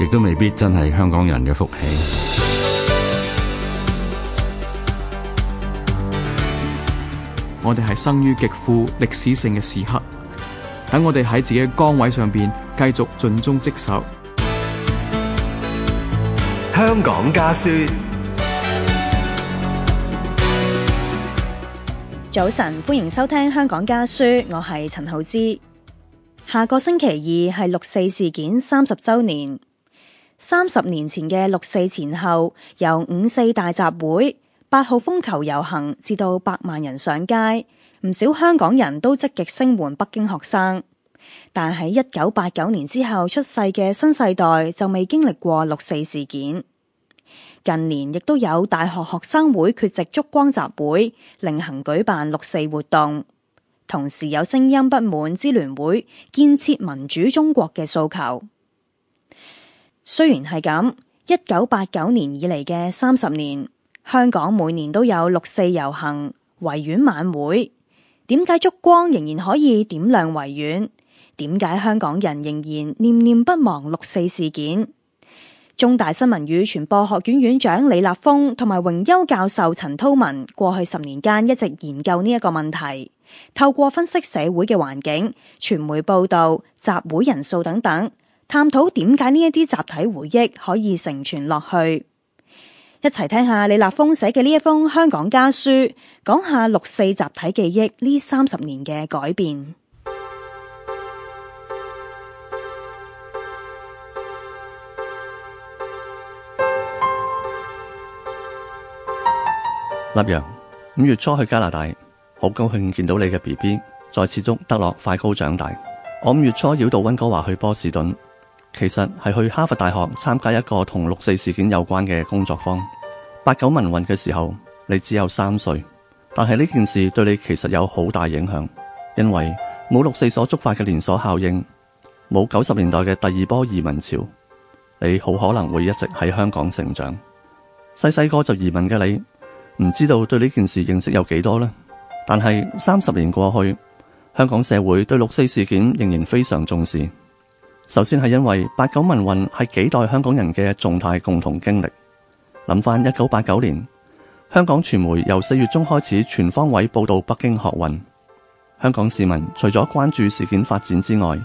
亦都未必真係香港人嘅福氣。 我哋係生於極富歷史性嘅時刻，等我哋喺自己嘅崗位上面繼續盡忠職守。香港家書，早晨，歡迎收聽《香港家書》，我係陳浩之。下個星期二係六四事件三十周年。三十年前嘅六四前後，由五四大集會、八號風球遊行，至到百萬人上街，唔少香港人都積極聲援北京學生。但喺一九八九年之後出世嘅新世代就未經歷過六四事件。近年亦都有大學學生會缺席燭光集會，另行舉辦六四活動，同時有聲音不滿支聯會建設民主中國嘅訴求。雖然係咁，一九八九年以嚟嘅三十年，香港每年都有六四遊行、維園晚會。點解燭光仍然可以點亮維園？點解香港人仍然念念不忘六四事件？中大新聞與傳播學院院長李立峯同埋榮休教授陳韜文，過去十年間一直研究呢一個問題，透過分析社會嘅環境、傳媒報道、集會人數等等。探討點解呢一啲集體回憶可以承傳落去？一齊聽下李立峯寫嘅呢一封香港家書，講下六四集體記憶呢三十年嘅改變。立陽，五月初去加拿大，好高興見到你嘅 BB，再次祝德樂快高長大。我五月初繞到溫哥華去波士頓。其實係去哈佛大學參加一個同六四事件有關嘅工作坊。八九民運嘅時候，你只有三歲，但係呢件事對你其實有好大影響，因為冇六四所觸發嘅連鎖效應，冇九十年代嘅第二波移民潮，你好可能會一直喺香港成長。細細個就移民嘅你，唔知道對呢件事認識有幾多呢？但係三十年過去，香港社會對六四事件仍然非常重視。首先係因為八九民運係幾代香港人嘅重大共同經歷。諗翻一九八九年，香港傳媒由四月中開始全方位報道北京學運，香港市民除咗關注事件發展之外，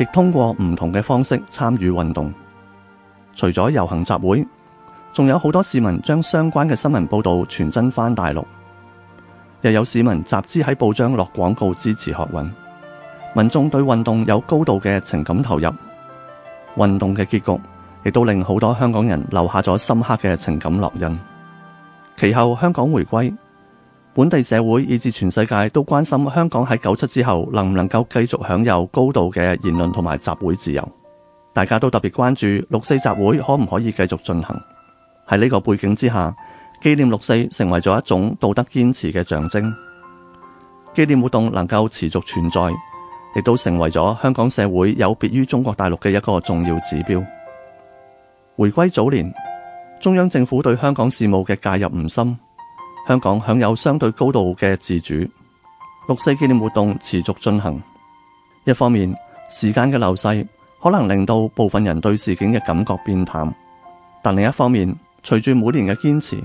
亦通過唔同嘅方式參與運動。除咗遊行集會，仲有好多市民將相關嘅新聞報導傳真翻大陸，又有市民集資喺報章落廣告支持學運。民眾對運動有高度嘅情感投入，運動嘅結局亦都令好多香港人留下咗深刻嘅情感烙印。其後，香港回歸，本地社會以至全世界都關心香港喺九七之後能唔能夠繼續享有高度嘅言論同埋集會自由，大家都特別關注六四集會可唔可以繼續進行。喺呢個背景之下，紀念六四成為咗一種道德堅持嘅象徵，紀念活動能夠持續存在。亦都成為咗香港社會有別於中國大陸嘅一個重要指標。回歸早年，中央政府對香港事務嘅介入唔深，香港享有相對高度嘅自主。六四紀念活動持續進行，一方面時間嘅流逝可能令到部分人對事件嘅感覺變淡，但另一方面，隨住每年嘅堅持，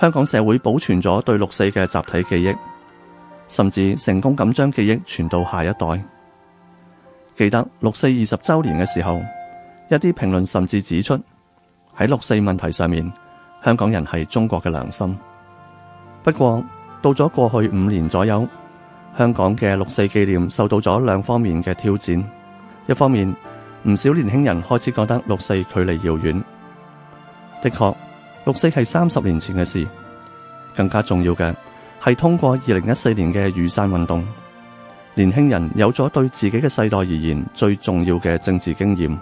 香港社會保存咗對六四嘅集體記憶，甚至成功咁將記憶傳到下一代。記得六四二十周年嘅時候，一啲評論甚至指出，喺六四問題上面，香港人係中國嘅良心。不過，到咗過去五年左右，香港嘅六四紀念受到咗兩方面嘅挑戰。一方面，唔少年輕人開始覺得六四距離遙遠。的確，六四係三十年前嘅事。更加重要嘅係通過二零一四年嘅雨傘運動。年輕人有咗對自己嘅世代而言最重要嘅政治經驗，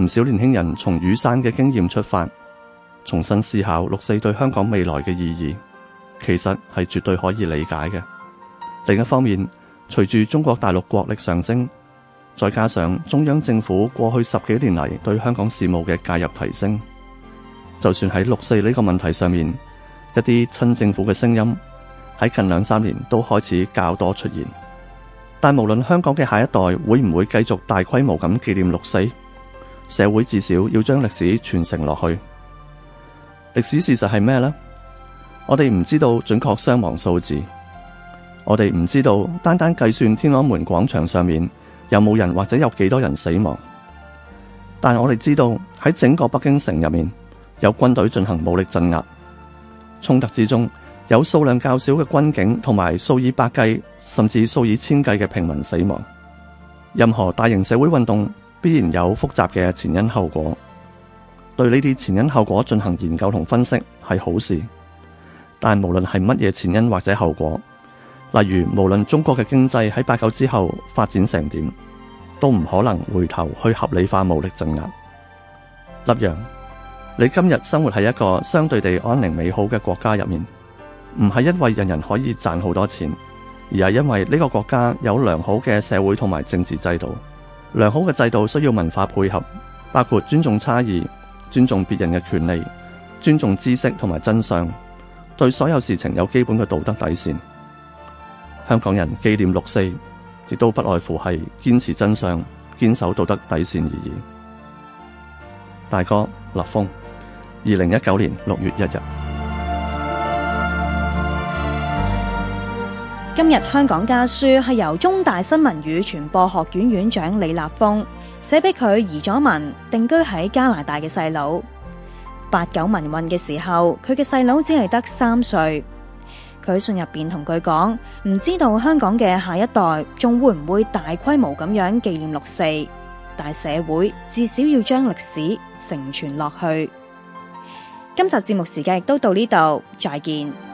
唔少年輕人從雨傘嘅經驗出發，重新思考六四對香港未來嘅意義，其實係絕對可以理解嘅。另一方面，隨住中國大陸國力上升，再加上中央政府過去十幾年嚟對香港事務嘅介入提升，就算喺六四呢個問題上面，一啲親政府嘅聲音喺近兩三年都開始較多出現。但無論香港嘅下一代會唔會繼續大規模咁紀念六四，社會至少要將歷史傳承落去。歷史事實係咩呢？我哋唔知道準確傷亡數字，我哋唔知道單單計算天安門廣場上面有冇人或者有幾多人死亡，但我哋知道喺整個北京城入面有軍隊進行武力鎮壓，衝突之中有數量較少嘅軍警同埋數以百計。甚至數以千計嘅平民死亡。任何大型社會運動必然有複雜嘅前因後果，對呢啲前因後果進行研究同分析係好事。但無論係乜嘢前因或者後果，例如無論中國嘅經濟喺八九之後發展成點，都唔可能回頭去合理化武力鎮壓。立陽，你今日生活喺一個相對地安寧美好嘅國家入面，唔係因為人人可以賺好多錢。而係因為呢個國家有良好嘅社會同埋政治制度，良好嘅制度需要文化配合，包括尊重差異、尊重別人嘅權利、尊重知識同埋真相，對所有事情有基本嘅道德底線。香港人紀念六四，亦都不外乎係堅持真相、堅守道德底線而已。大哥，立峯，二零一九年六月一日。今日香港家書係由中大新聞與傳播學院院長李立峯，寫俾佢移咗民定居喺加拿大嘅細佬。八九民運嘅時候，佢嘅細佬只係得三歲。佢信入邊同佢講，唔知道香港嘅下一代仲會唔會大規模咁樣紀念六四，但係社會至少要將歷史承傳落去。今集節目時間亦都到呢度，再見。